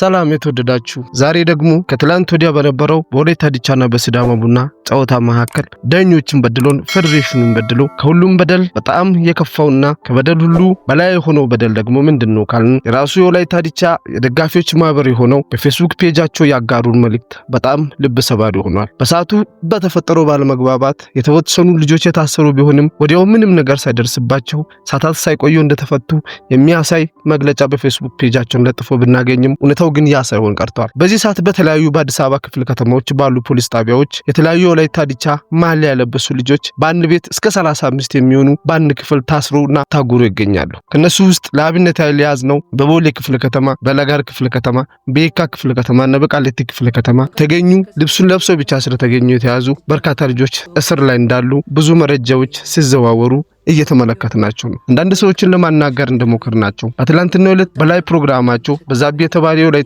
ሰላም የተወደዳችሁ፣ ዛሬ ደግሞ ከትላንት ወዲያ በነበረው በወላይታ ዲቻና በሲዳማ ቡና ጨዋታ መካከል ዳኞችን በድሎን ፌዴሬሽኑን በድሎ ከሁሉም በደል በጣም የከፋውና ከበደል ሁሉ በላይ የሆነው በደል ደግሞ ምንድን ነው ካልን የራሱ የወላይታ ዲቻ የደጋፊዎች ማህበር የሆነው በፌስቡክ ፔጃቸው ያጋሩን መልእክት በጣም ልብ ሰባሪ ሆኗል። በሰዓቱ በተፈጠረው ባለመግባባት የተወሰኑ ልጆች የታሰሩ ቢሆንም ወዲያው ምንም ነገር ሳይደርስባቸው ሳታት ሳይቆዩ እንደተፈቱ የሚያሳይ መግለጫ በፌስቡክ ፔጃቸውን ለጥፎ ብናገኝም እውነታው ግን ያ ሳይሆን ቀርተዋል። በዚህ ሰዓት በተለያዩ በአዲስ አበባ ክፍለ ከተማዎች ባሉ ፖሊስ ጣቢያዎች የተለያዩ የወላይታ ዲቻ ማሊያ ያለበሱ ልጆች በአንድ ቤት እስከ 35 የሚሆኑ በአንድ ክፍል ታስሮና ታጉሮ ይገኛሉ። ከእነሱ ውስጥ ለአብነት ያህል የያዝ ነው በቦሌ ክፍለ ከተማ፣ በለጋር ክፍለ ከተማ፣ በየካ ክፍለ ከተማና በቃሊቲ ክፍለ ከተማ ተገኙ ልብሱን ለብሰው ብቻ ስለተገኙ የተያዙ በርካታ ልጆች እስር ላይ እንዳሉ ብዙ መረጃዎች ሲዘዋወሩ እየተመለከትናቸው ነው። አንዳንድ ሰዎችን ለማናገር እንደሞከር ናቸው። በትላንትና ዕለት በላይ ፕሮግራማቸው በዛቤ የተባለው ላይ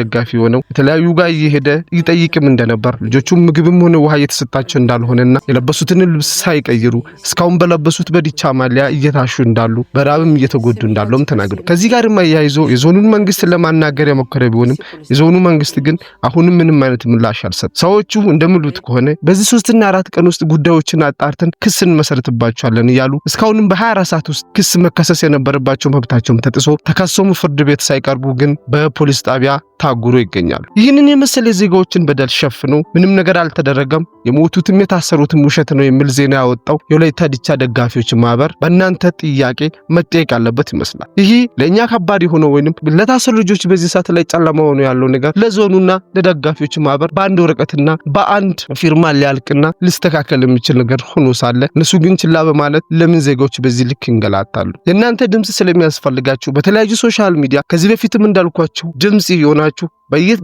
ደጋፊ ሆነው የተለያዩ ጋር እየሄደ ይጠይቅም እንደነበር ልጆቹም ምግብም ሆነ ውሃ እየተሰጣቸው እንዳልሆነና የለበሱትን ልብስ ሳይቀይሩ እስካሁን በለበሱት በዲቻ ማሊያ እየታሹ እንዳሉ በራብም እየተጎዱ እንዳለውም ተናግረው ከዚህ ጋርም አያይዞ የዞኑን መንግስት ለማናገር የሞከረ ቢሆንም የዞኑ መንግስት ግን አሁንም ምንም አይነት ምላሽ አልሰጥ። ሰዎቹ እንደምሉት ከሆነ በዚህ ሶስትና አራት ቀን ውስጥ ጉዳዮችን አጣርተን ክስ እንመሰርትባቸዋለን እያሉ እስካሁንም በ24 ሰዓት ውስጥ ክስ መከሰስ የነበረባቸው መብታቸውም ተጥሶ ተከሶም ፍርድ ቤት ሳይቀርቡ ግን በፖሊስ ጣቢያ ታጉሮ ይገኛሉ። ይህንን የመሰለ ዜጋዎችን በደል ሸፍኖ ምንም ነገር አልተደረገም፣ የሞቱትም የታሰሩትም ውሸት ነው የሚል ዜና ያወጣው የወላይታ ዲቻ ደጋፊዎች ማህበር በእናንተ ጥያቄ መጠየቅ ያለበት ይመስላል። ይህ ለእኛ ከባድ የሆነ ወይንም ለታሰሩ ልጆች በዚህ ሰዓት ላይ ጨለማ ሆኖ ያለው ነገር ለዞኑና ለደጋፊዎች ማህበር በአንድ ወረቀትና በአንድ ፊርማ ሊያልቅና ሊስተካከል የሚችል ነገር ሆኖ ሳለ እነሱ ግን ችላ በማለት ለምን ዜጋዎች በዚህ ልክ ይንገላታሉ? የእናንተ ድምፅ ስለሚያስፈልጋችሁ በተለያዩ ሶሻል ሚዲያ ከዚህ በፊትም እንዳልኳችሁ ድምፅ የሆናችሁ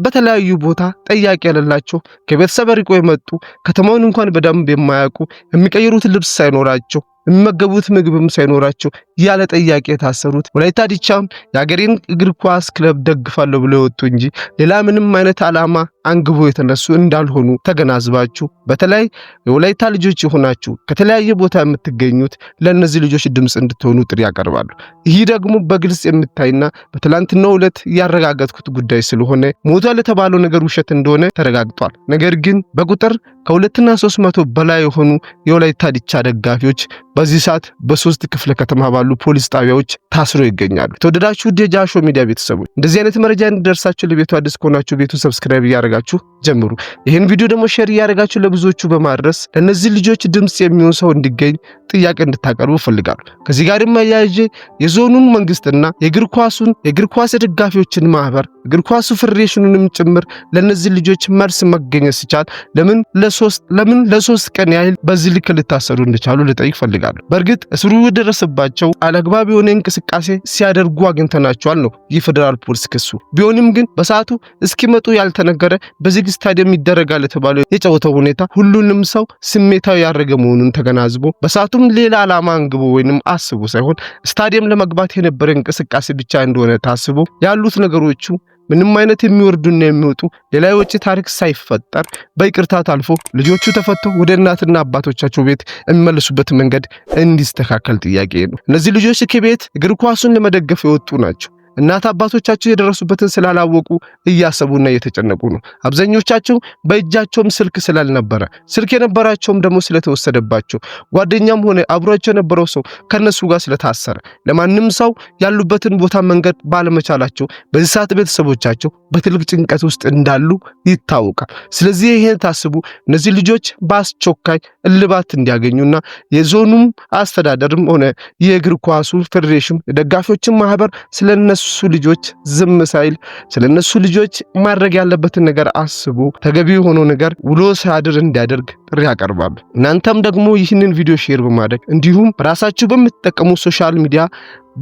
በተለያዩ ቦታ ጠያቂ ያለላቸው ከቤተሰብ ርቆ የመጡ ከተማውን እንኳን በደንብ የማያውቁ የሚቀይሩት ልብስ ሳይኖራቸው የሚመገቡት ምግብም ሳይኖራቸው ያለ ጥያቄ የታሰሩት ወላይታ ዲቻውን የሀገሬን እግር ኳስ ክለብ ደግፋለሁ ብሎ የወጡ እንጂ ሌላ ምንም አይነት ዓላማ አንግቦ የተነሱ እንዳልሆኑ ተገናዝባችሁ በተለይ የወላይታ ልጆች የሆናችሁ ከተለያየ ቦታ የምትገኙት ለእነዚህ ልጆች ድምፅ እንድትሆኑ ጥሪ ያቀርባሉ። ይህ ደግሞ በግልጽ የምታይና በትላንትናው ዕለት ያረጋገጥኩት ጉዳይ ስለሆነ ሞቷል የተባለው ነገር ውሸት እንደሆነ ተረጋግጧል። ነገር ግን በቁጥር ከሁለትና ሶስት መቶ በላይ የሆኑ የወላይታ ዲቻ ደጋፊዎች በዚህ ሰዓት በሶስት ክፍለ ከተማ ባሉ ፖሊስ ጣቢያዎች ታስሮ ይገኛሉ። ተወደዳችሁ ደጃሾ ሚዲያ ቤተሰቦች እንደዚህ አይነት መረጃ እንዲደርሳችሁ ለቤቱ አዲስ ከሆናችሁ ቤቱ ሰብስክራይብ እያደረጋችሁ ጀምሩ። ይህን ቪዲዮ ደግሞ ሼር እያደረጋችሁ ለብዙዎቹ በማድረስ ለእነዚህ ልጆች ድምፅ የሚሆን ሰው እንዲገኝ ጥያቄ እንድታቀርቡ ፈልጋሉ። ከዚህ ጋር መያያዥ የዞኑን መንግስትና የእግር ኳሱን የእግር ኳስ ደጋፊዎችን ማህበር እግር ኳሱ ፌዴሬሽኑንም ጭምር ለእነዚህ ልጆች መልስ መገኘት ሲቻል ለምን ለሶስት ለምን ለሶስት ቀን ያህል በዚህ ልክ ልታሰሩ እንደቻሉ ልጠይቅ ፈልጋሉ። በእርግጥ እስሩ የደረሰባቸው አለግባብ የሆነ እንቅስቃሴ ሲያደርጉ አግኝተናቸዋል ነው የፌዴራል ፖሊስ ክሱ። ቢሆንም ግን በሰዓቱ እስኪመጡ ያልተነገረ በዝግ ስታዲየም ይደረጋል የተባለው የጨዋታው ሁኔታ ሁሉንም ሰው ስሜታዊ ያደረገ መሆኑን ተገናዝቦ በሰዓቱ ምክንያቱም ሌላ ዓላማ አንግቦ ወይንም አስቡ ሳይሆን ስታዲየም ለመግባት የነበረ እንቅስቃሴ ብቻ እንደሆነ ታስቦ ያሉት ነገሮቹ ምንም አይነት የሚወርዱና የሚወጡ ሌላ የውጭ ታሪክ ሳይፈጠር በይቅርታ ታልፎ ልጆቹ ተፈቶ ወደ እናትና አባቶቻቸው ቤት የሚመለሱበት መንገድ እንዲስተካከል ጥያቄ ነው። እነዚህ ልጆች ከቤት እግር ኳሱን ለመደገፍ የወጡ ናቸው። እናት አባቶቻቸው የደረሱበትን ስላላወቁ እያሰቡና እየተጨነቁ ነው። አብዛኞቻቸው በእጃቸውም ስልክ ስላልነበረ ስልክ የነበራቸውም ደግሞ ስለተወሰደባቸው ጓደኛም ሆነ አብሯቸው የነበረው ሰው ከነሱ ጋር ስለታሰረ ለማንም ሰው ያሉበትን ቦታ መንገድ ባለመቻላቸው በዚህ ሰዓት ቤተሰቦቻቸው በትልቅ ጭንቀት ውስጥ እንዳሉ ይታወቃል። ስለዚህ ይህን ታስቡ እነዚህ ልጆች በአስቸኳይ እልባት እንዲያገኙና የዞኑም አስተዳደርም ሆነ የእግር ኳሱ ፌዴሬሽን ደጋፊዎችን ማህበር ስለነሱ እነሱ ልጆች ዝም ሳይል ስለ እነሱ ልጆች ማድረግ ያለበትን ነገር አስቦ ተገቢ የሆነው ነገር ውሎ ሳያድር እንዲያደርግ ጥሪ ያቀርባሉ። እናንተም ደግሞ ይህንን ቪዲዮ ሼር በማድረግ እንዲሁም በራሳችሁ በምትጠቀሙ ሶሻል ሚዲያ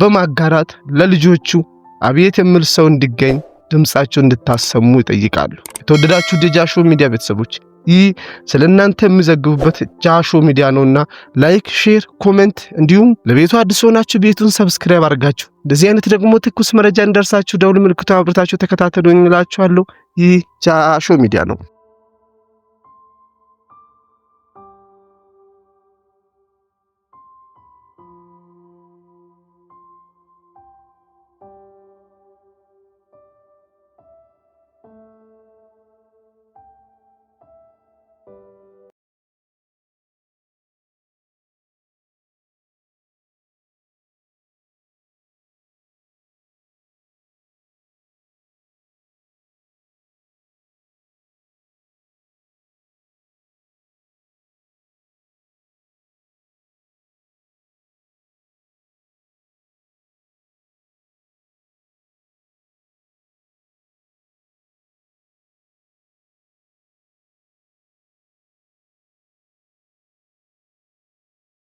በማጋራት ለልጆቹ አብየት የሚል ሰው እንዲገኝ ድምፃቸው እንድታሰሙ ይጠይቃሉ። የተወደዳችሁ ደጃሾ ሚዲያ ቤተሰቦች ይህ ስለ እናንተ የምዘግቡበት ጃሾ ሚዲያ ነውና ላይክ፣ ሼር፣ ኮሜንት እንዲሁም ለቤቱ አዲስ ሆናችሁ ቤቱን ሰብስክራይብ አድርጋችሁ እንደዚህ አይነት ደግሞ ትኩስ መረጃ እንደርሳችሁ ደውል ምልክቱ አብርታችሁ ተከታተሉ እንላችኋለሁ። ይህ ጃሾ ሚዲያ ነው።